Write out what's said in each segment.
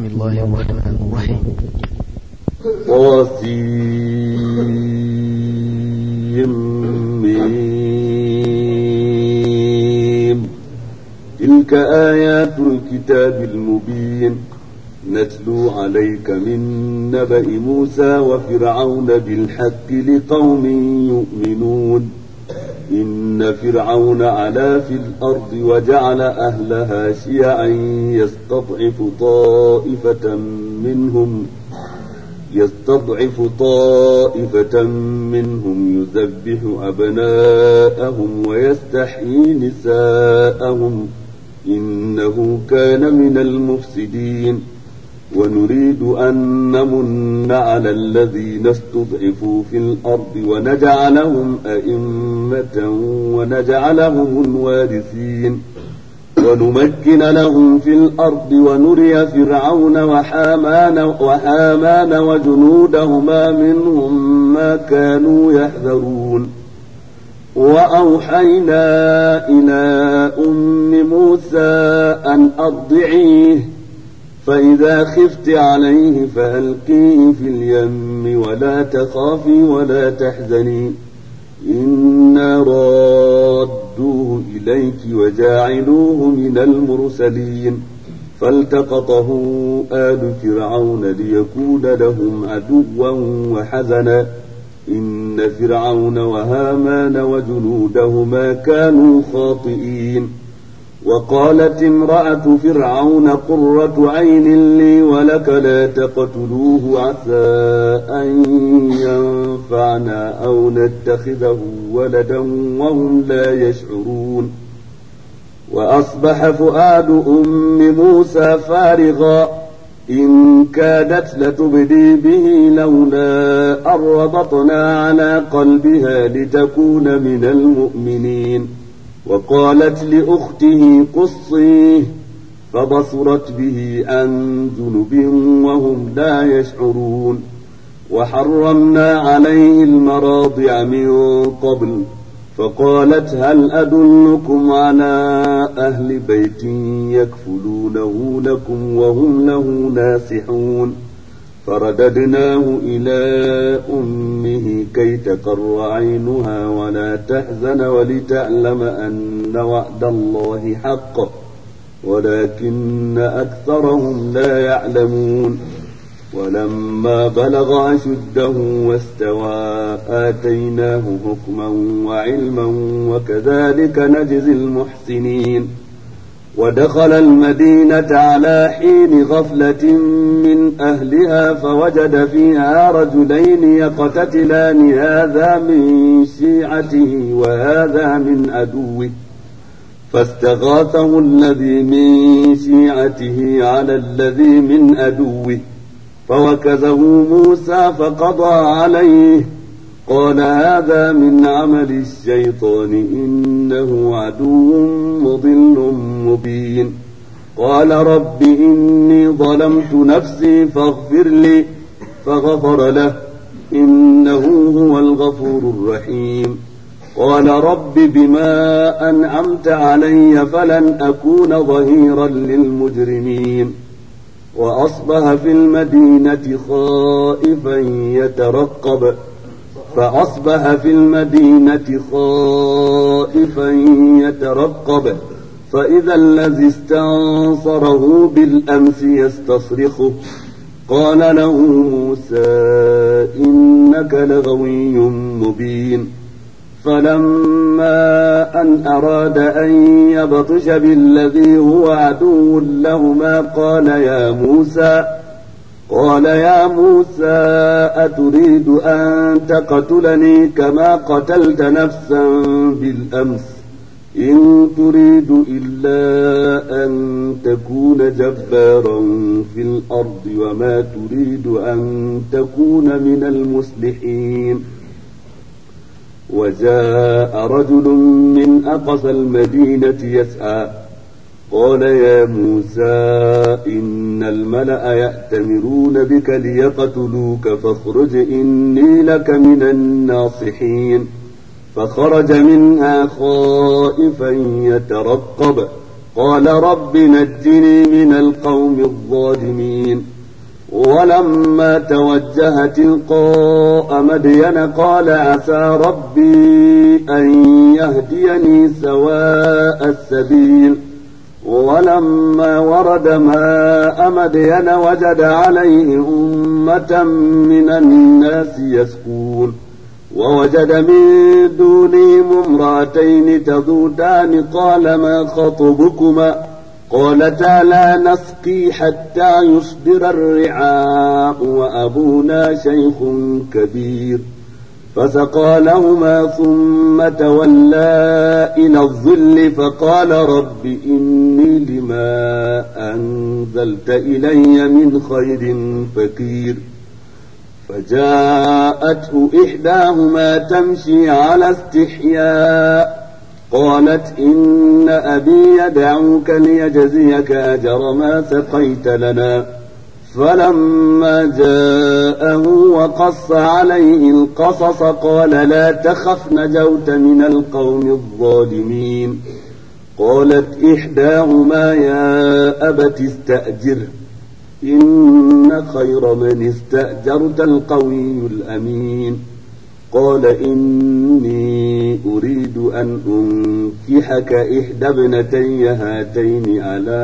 بسم الله الرحمن الرحيم طاسيم تلك آيات الكتاب المبين نتلو عليك من نبأ موسى وفرعون بالحق لقوم يؤمنون إن فرعون علا في الأرض وجعل أهلها شيعا يستضعف طائفة منهم يستضعف طائفة منهم يذبح أبناءهم ويستحيي نساءهم إنه كان من المفسدين ونريد أن نمن على الذين استضعفوا في الأرض ونجعلهم أئمة ونجعلهم الوارثين ونمكن لهم في الأرض ونري فرعون وحامان, وحامان وجنودهما منهم ما كانوا يحذرون وأوحينا إلى أم موسى أن أرضعيه فإذا خفت عليه فألقيه في اليم ولا تخافي ولا تحزني إنا رادوه إليك وجاعلوه من المرسلين فالتقطه آل فرعون ليكون لهم عدوا وحزنا إن فرعون وهامان وجنودهما كانوا خاطئين وقالت امرأة فرعون قرة عين لي ولك لا تقتلوه عسى أن ينفعنا أو نتخذه ولدا وهم لا يشعرون وأصبح فؤاد أم موسى فارغا إن كادت لتبدي به لولا أن ربطنا على قلبها لتكون من المؤمنين وقالت لأخته قصيه فبصرت به عن جنب وهم لا يشعرون وحرمنا عليه المراضع من قبل فقالت هل أدلكم على أهل بيت يكفلونه لكم وهم له ناصحون فرددناه إلى أمه كي تقر عينها ولا تحزن ولتعلم أن وعد الله حق ولكن أكثرهم لا يعلمون ولما بلغ أشده واستوى آتيناه حكما وعلما وكذلك نجزي المحسنين ودخل المدينة على حين غفلة من أهلها فوجد فيها رجلين يقتتلان هذا من شيعته وهذا من أدوه فاستغاثه الذي من شيعته على الذي من أدوه فوكزه موسى فقضى عليه قال هذا من عمل الشيطان إنه عدو مضل مبين قال رب إني ظلمت نفسي فاغفر لي فغفر له إنه هو الغفور الرحيم قال رب بما أنعمت علي فلن أكون ظهيرا للمجرمين وأصبح في المدينة خائفا يترقب فأصبح في المدينة خائفا يترقب فإذا الذي استنصره بالأمس يستصرخه قال له موسى إنك لغوي مبين فلما أن أراد أن يبطش بالذي هو عدو لهما قال يا موسى قال يا موسى أتريد أن تقتلني كما قتلت نفسا بالأمس إن تريد إلا أن تكون جبارا في الأرض وما تريد أن تكون من المصلحين وجاء رجل من أقصى المدينة يسعى قال يا موسى إن الملأ يأتمرون بك ليقتلوك فاخرج إني لك من الناصحين فخرج منها خائفا يترقب قال رب نجني من القوم الظالمين ولما توجه تلقاء مدين قال عسى ربي أن يهديني سواء السبيل ولما ورد ماء مدين وجد عليه أمة من الناس يسكون ووجد من دونهم امرأتين تذودان قال ما خطبكما قالتا لا نسقي حتى يصدر الرعاء وأبونا شيخ كبير فسقى لهما ثم تولى إلى الظل فقال رب إني لما أنزلت إلي من خير فقير فجاءته إحداهما تمشي على استحياء قالت إن أبي يدعوك ليجزيك أجر ما سقيت لنا فلما جاءه وقص عليه القصص قال لا تخف نجوت من القوم الظالمين قالت إحداهما يا أبت استأجر إن خير من استأجرت القوي الأمين قال إني أريد أن أنكحك إحدى ابنتي هاتين على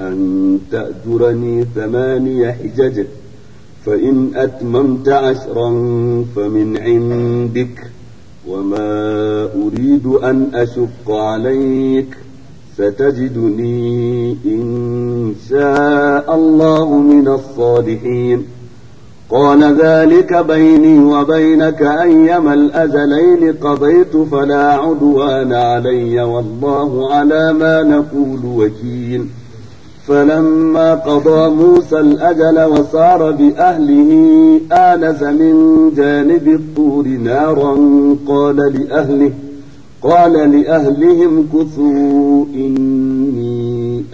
أن تأجرني ثماني حجج فإن أتممت عشرا فمن عندك وما أريد أن أشق عليك ستجدني إن شاء الله من الصالحين قال ذلك بيني وبينك أيما الأزلين قضيت فلا عدوان علي والله على ما نقول وكيل فلما قضى موسى الأجل وصار بأهله آنس من جانب الطور نارا قال لأهله قال لأهلهم كثوا إني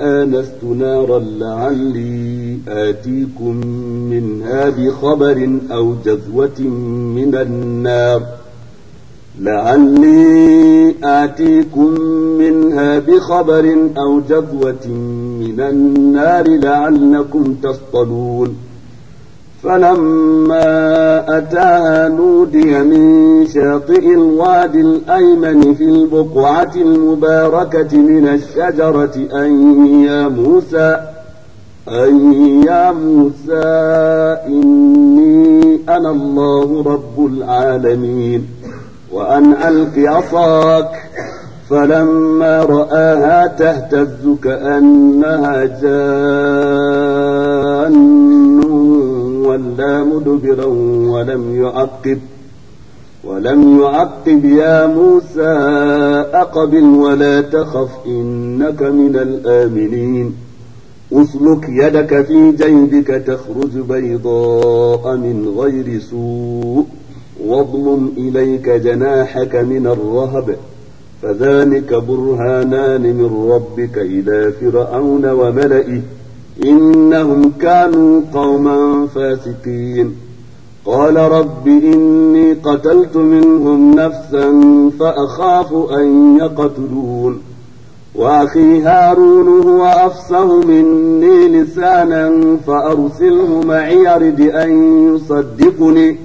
آنست نارا لعلي آتيكم منها بخبر أو جذوة من النار لعلي آتيكم منها بخبر أو جذوة من النار لعلكم تصطلون فلما أتاها نودي من شاطئ الواد الأيمن في البقعة المباركة من الشجرة أن يا موسى أن يا موسى إني أنا الله رب العالمين وأن ألق عصاك فلما رآها تهتز كأنها جان تولى مدبرا ولم يعقب ولم يعقب يا موسى أقبل ولا تخف إنك من الآمنين أسلك يدك في جيبك تخرج بيضاء من غير سوء واظلم إليك جناحك من الرهب فذلك برهانان من ربك إلى فرعون وملئه إنهم كانوا قوما فاسقين قال رب إني قتلت منهم نفسا فأخاف أن يقتلون وأخي هارون هو أفصه مني لسانا فأرسله معي رد أن يصدقني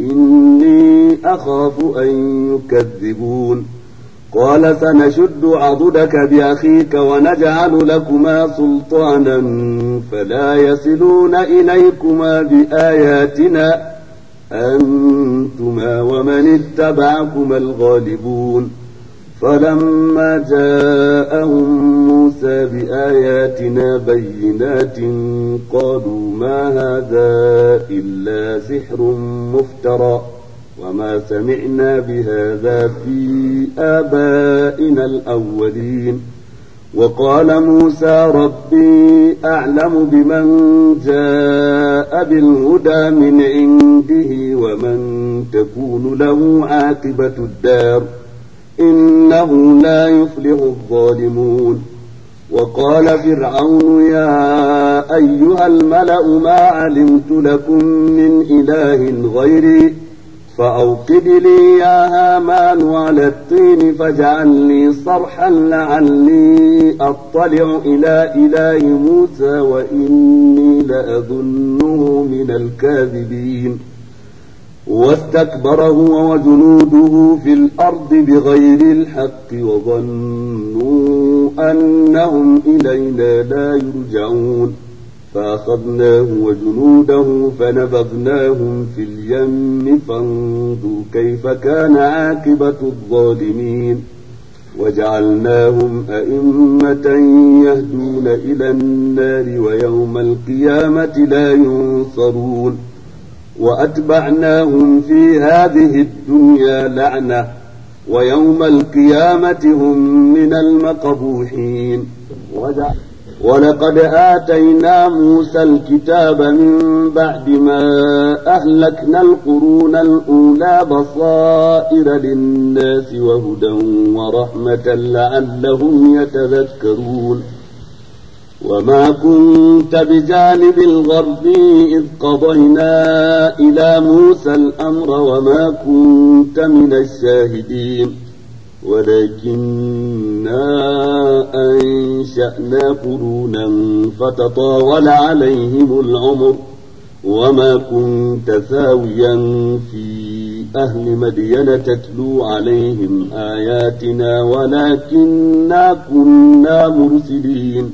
إني أخاف أن يكذبون قال سنشد عضدك بأخيك ونجعل لكما سلطانا فلا يصلون إليكما بآياتنا أنتما ومن اتبعكما الغالبون فلما جاءهم موسى بآياتنا بينات قالوا ما هذا إلا سحر مفترى وما سمعنا بهذا في آبائنا الأولين وقال موسى ربي أعلم بمن جاء بالهدى من عنده ومن تكون له عاقبة الدار إنه لا يفلح الظالمون وقال فرعون يا أيها الملأ ما علمت لكم من إله غيري فأوقد لي يا هامان على الطين فاجعل لي صرحا لعلي أطلع إلى إله موسى وإني لأظنه من الكاذبين واستكبر هو وجنوده في الأرض بغير الحق وظنوا أنهم إلينا لا يرجعون فأخذناه وجنوده فنبذناهم في اليم فانظوا كيف كان عاقبة الظالمين وجعلناهم أئمة يهدون إلى النار ويوم القيامة لا ينصرون وأتبعناهم في هذه الدنيا لعنة ويوم القيامة هم من المقبوحين وجعلناهم ولقد آتينا موسى الكتاب من بعد ما أهلكنا القرون الأولى بصائر للناس وهدى ورحمة لعلهم يتذكرون وما كنت بجانب الغرب إذ قضينا إلى موسى الأمر وما كنت من الشاهدين ولكنا أنشأنا قرونا فتطاول عليهم العمر وما كنت ثاويا في أهل مدين تتلو عليهم آياتنا ولكنا كنا مرسلين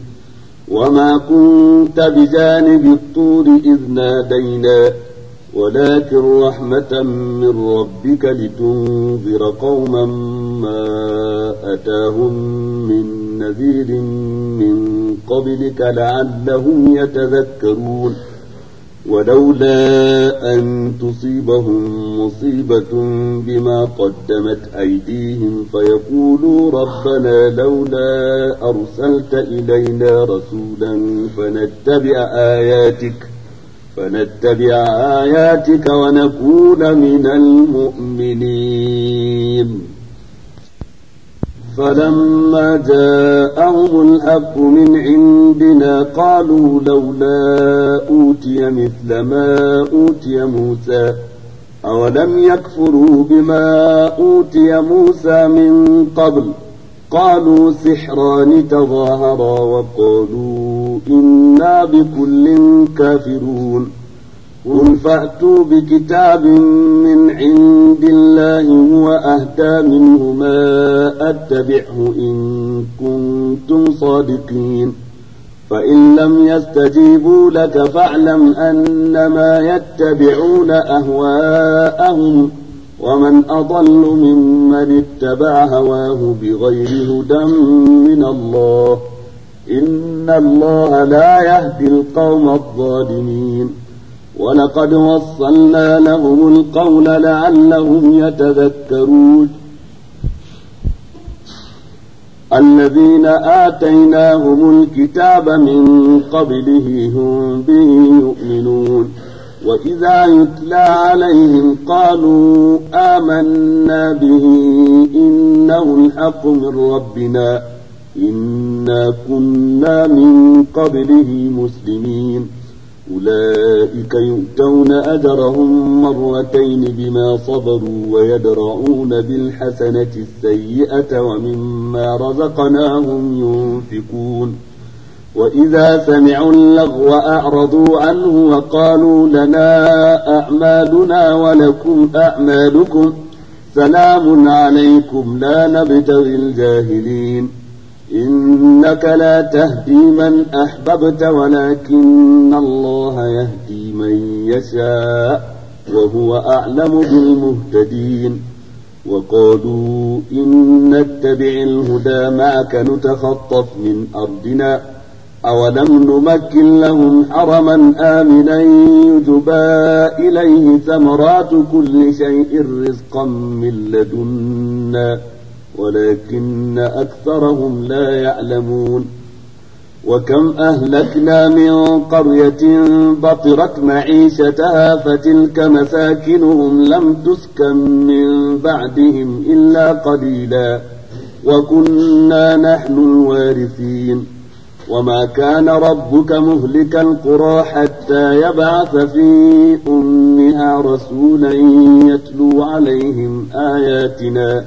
وما كنت بجانب الطور إذ نادينا ولكن رحمة من ربك لتنذر قوما ما أتاهم من نذير من قبلك لعلهم يتذكرون ولولا أن تصيبهم مصيبة بما قدمت أيديهم فيقولوا ربنا لولا أرسلت إلينا رسولا فنتبع آياتك فنتبع آياتك ونكون من المؤمنين فلما جاءهم الحق من عندنا قالوا لولا أوتي مثل ما أوتي موسى أولم يكفروا بما أوتي موسى من قبل قالوا سحران تظاهرا وقالوا إنا بكل كافرون قل فأتوا بكتاب من عند الله هو أهدى منه ما أتبعه إن كنتم صادقين فإن لم يستجيبوا لك فاعلم أنما يتبعون أهواءهم ومن أضل ممن اتبع هواه بغير هدى من الله ۖ إن الله لا يهدي القوم الظالمين ولقد وصلنا لهم القول لعلهم يتذكرون الذين آتيناهم الكتاب من قبله هم به يؤمنون وإذا يتلى عليهم قالوا آمنا به إنه الحق من ربنا إنا كنا من قبله مسلمين أولئك يؤتون أجرهم مرتين بما صبروا ويدرعون بالحسنة السيئة ومما رزقناهم ينفقون وإذا سمعوا اللغو أعرضوا عنه وقالوا لنا أعمالنا ولكم أعمالكم سلام عليكم لا نبتغي الجاهلين إنك لا تهدي من أحببت ولكن الله يهدي من يشاء وهو أعلم بالمهتدين وقالوا إن نتبع الهدى معك نتخطف من أرضنا أولم نمكن لهم حرما آمنا يجبى إليه ثمرات كل شيء رزقا من لدنا ولكن أكثرهم لا يعلمون وكم أهلكنا من قرية بطرت معيشتها فتلك مساكنهم لم تسكن من بعدهم إلا قليلا وكنا نحن الوارثين وما كان ربك مهلك القرى حتى يبعث في أمها رسولا يتلو عليهم آياتنا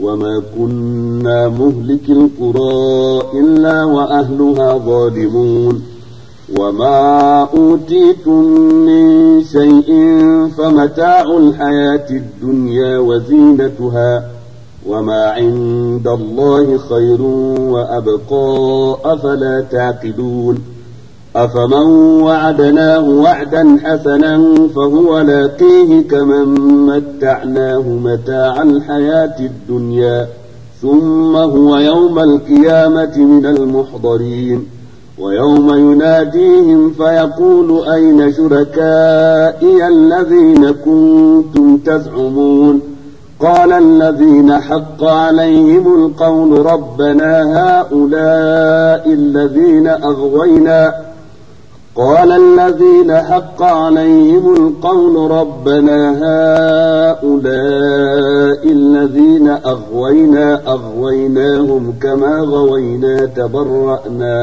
وما كنا مهلك القرى إلا وأهلها ظالمون وما أوتيتم من شيء فمتاع الحياة الدنيا وزينتها وما عند الله خير وأبقى أفلا تعقلون أفمن وعدناه وعدا حسنا فهو لاقيه كمن متعناه متاع الحياة الدنيا ثم هو يوم القيامة من المحضرين ويوم يناديهم فيقول أين شركائي الذين كنتم تزعمون قال الذين حق عليهم القول ربنا هؤلاء الذين أغوينا قال الذين حق عليهم القول ربنا هؤلاء الذين أغوينا أغويناهم كما غوينا تبرأنا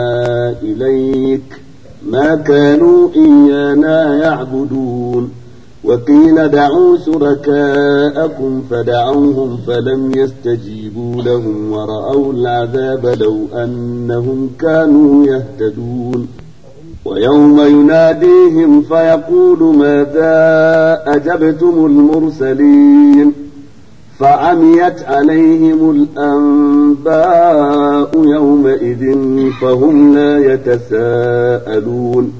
إليك ما كانوا إيانا يعبدون وقيل دعوا شركاءكم فدعوهم فلم يستجيبوا لهم ورأوا العذاب لو أنهم كانوا يهتدون ويوم يناديهم فيقول ماذا أجبتم المرسلين فعميت عليهم الأنباء يومئذ فهم لا يتساءلون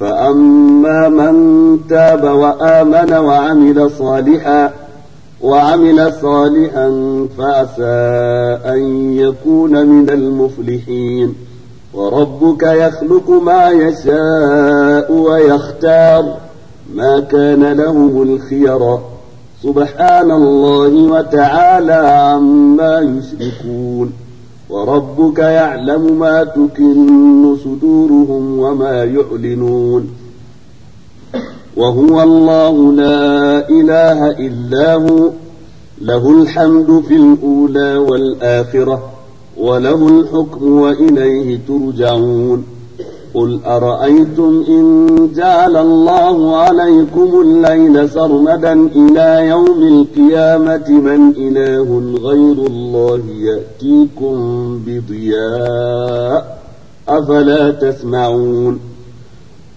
فأما من تاب وآمن وعمل صالحا وعمل صالحا فعسى أن يكون من المفلحين وربك يخلق ما يشاء ويختار ما كان لهم الخيرة سبحان الله وتعالى عما يشركون وربك يعلم ما تكن صدورهم وما يعلنون وهو الله لا إله إلا هو له الحمد في الأولى والآخرة وله الحكم وإليه ترجعون قل أرأيتم إن جعل الله عليكم الليل سرمدا إلى يوم القيامة من إله غير الله يأتيكم بضياء أفلا تسمعون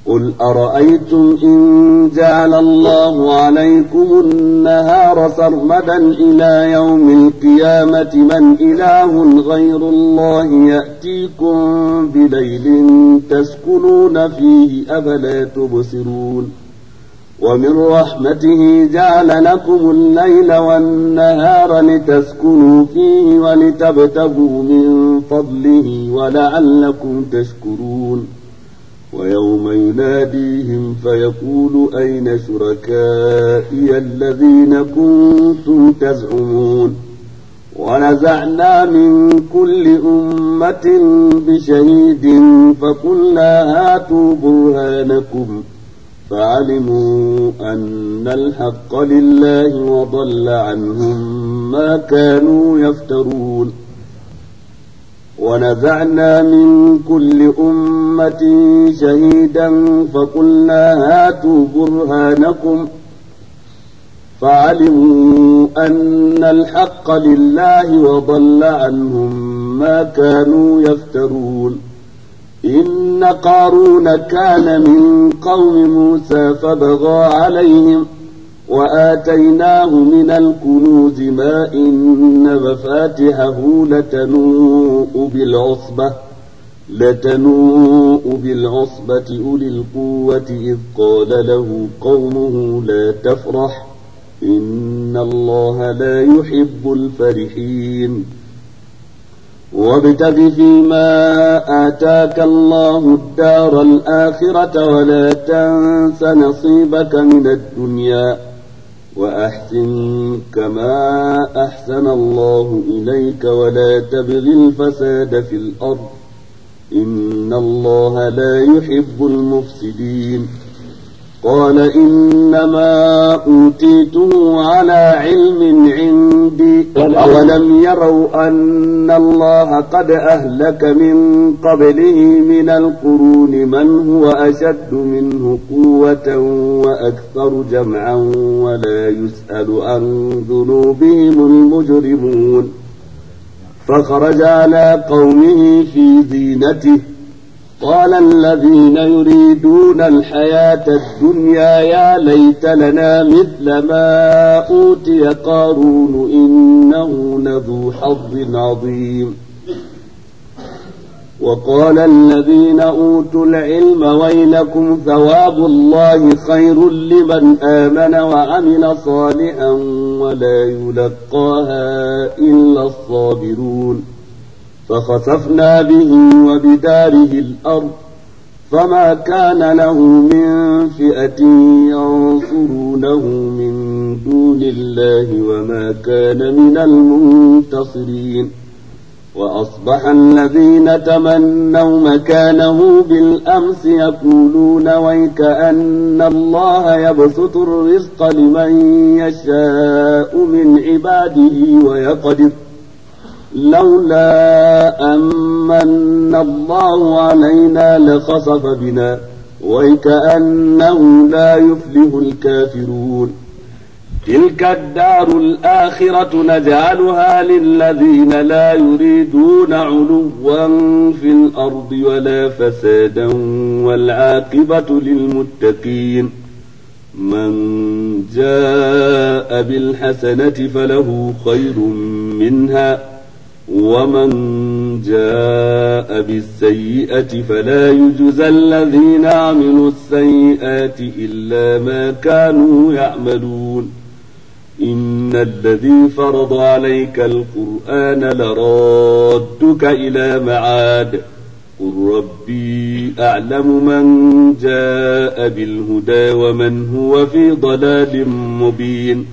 قل أرأيتم إن جعل الله عليكم النهار سرمدا إلى يوم القيامة من إله غير الله يأتيكم بليل تسكنون فيه أفلا تبصرون ومن رحمته جعل لكم الليل والنهار لتسكنوا فيه ولتبتغوا من فضله ولعلكم تشكرون ويوم يناديهم فيقول أين شركائي الذين كنتم تزعمون ونزعنا من كل أمة بشهيد فقلنا هاتوا برهانكم فعلموا أن الحق لله وضل عنهم ما كانوا يفترون ونزعنا من كل أمة شهيدا فقلنا هاتوا برهانكم فعلموا أن الحق لله وضل عنهم ما كانوا يفترون إن قارون كان من قوم موسى فبغى عليهم ۖ وآتيناه من الكنوز ما إن مفاتحه لتنوء بالعصبة لتنوء بالعصبة أولي القوة إذ قال له قومه لا تفرح إن الله لا يحب الفرحين وابتغ فيما آتاك الله الدار الآخرة ولا تنس نصيبك من الدنيا وأحسن كما أحسن الله إليك ولا تبغ الفساد في الأرض إن الله لا يحب المفسدين قال إنما أوتيته على علم عندي أولم يروا أن الله قد أهلك من قبله من القرون من هو أشد منه قوة وأكثر جمعا ولا يسأل عن ذنوبهم المجرمون فخرج على قومه في زينته قال الذين يريدون الحياة الدنيا يا ليت لنا مثل ما أوتي قارون إنه لذو حظ عظيم وقال الذين أوتوا العلم ويلكم ثواب الله خير لمن آمن وعمل صالحا ولا يلقاها إلا الصابرون فخسفنا به وبداره الأرض فما كان له من فئة ينصرونه من دون الله وما كان من المنتصرين وأصبح الذين تمنوا مكانه بالأمس يقولون ويك أن الله يبسط الرزق لمن يشاء من عباده ويقدر لولا أمن الله علينا لخصف بنا وكأنه لا يفلح الكافرون تلك الدار الآخرة نجعلها للذين لا يريدون علوا في الأرض ولا فسادا والعاقبة للمتقين من جاء بالحسنة فله خير منها ومن جاء بالسيئة فلا يجزى الذين عملوا السيئات إلا ما كانوا يعملون إن الذي فرض عليك القرآن لرادك إلى معاد قل ربي أعلم من جاء بالهدى ومن هو في ضلال مبين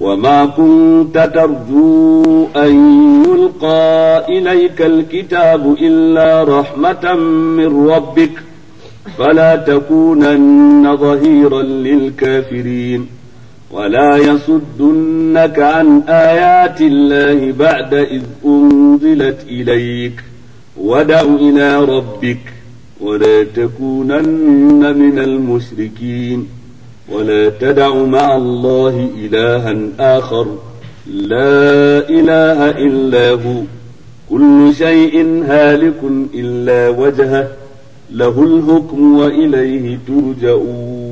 وما كنت ترجو أن يلقى إليك الكتاب إلا رحمة من ربك فلا تكونن ظهيرا للكافرين ولا يصدنك عن آيات الله بعد إذ أنزلت إليك ودع إلى ربك ولا تكونن من المشركين ولا تدع مع الله إلها آخر لا إله إلا هو كل شيء هالك إلا وجهه له الحكم وإليه ترجعون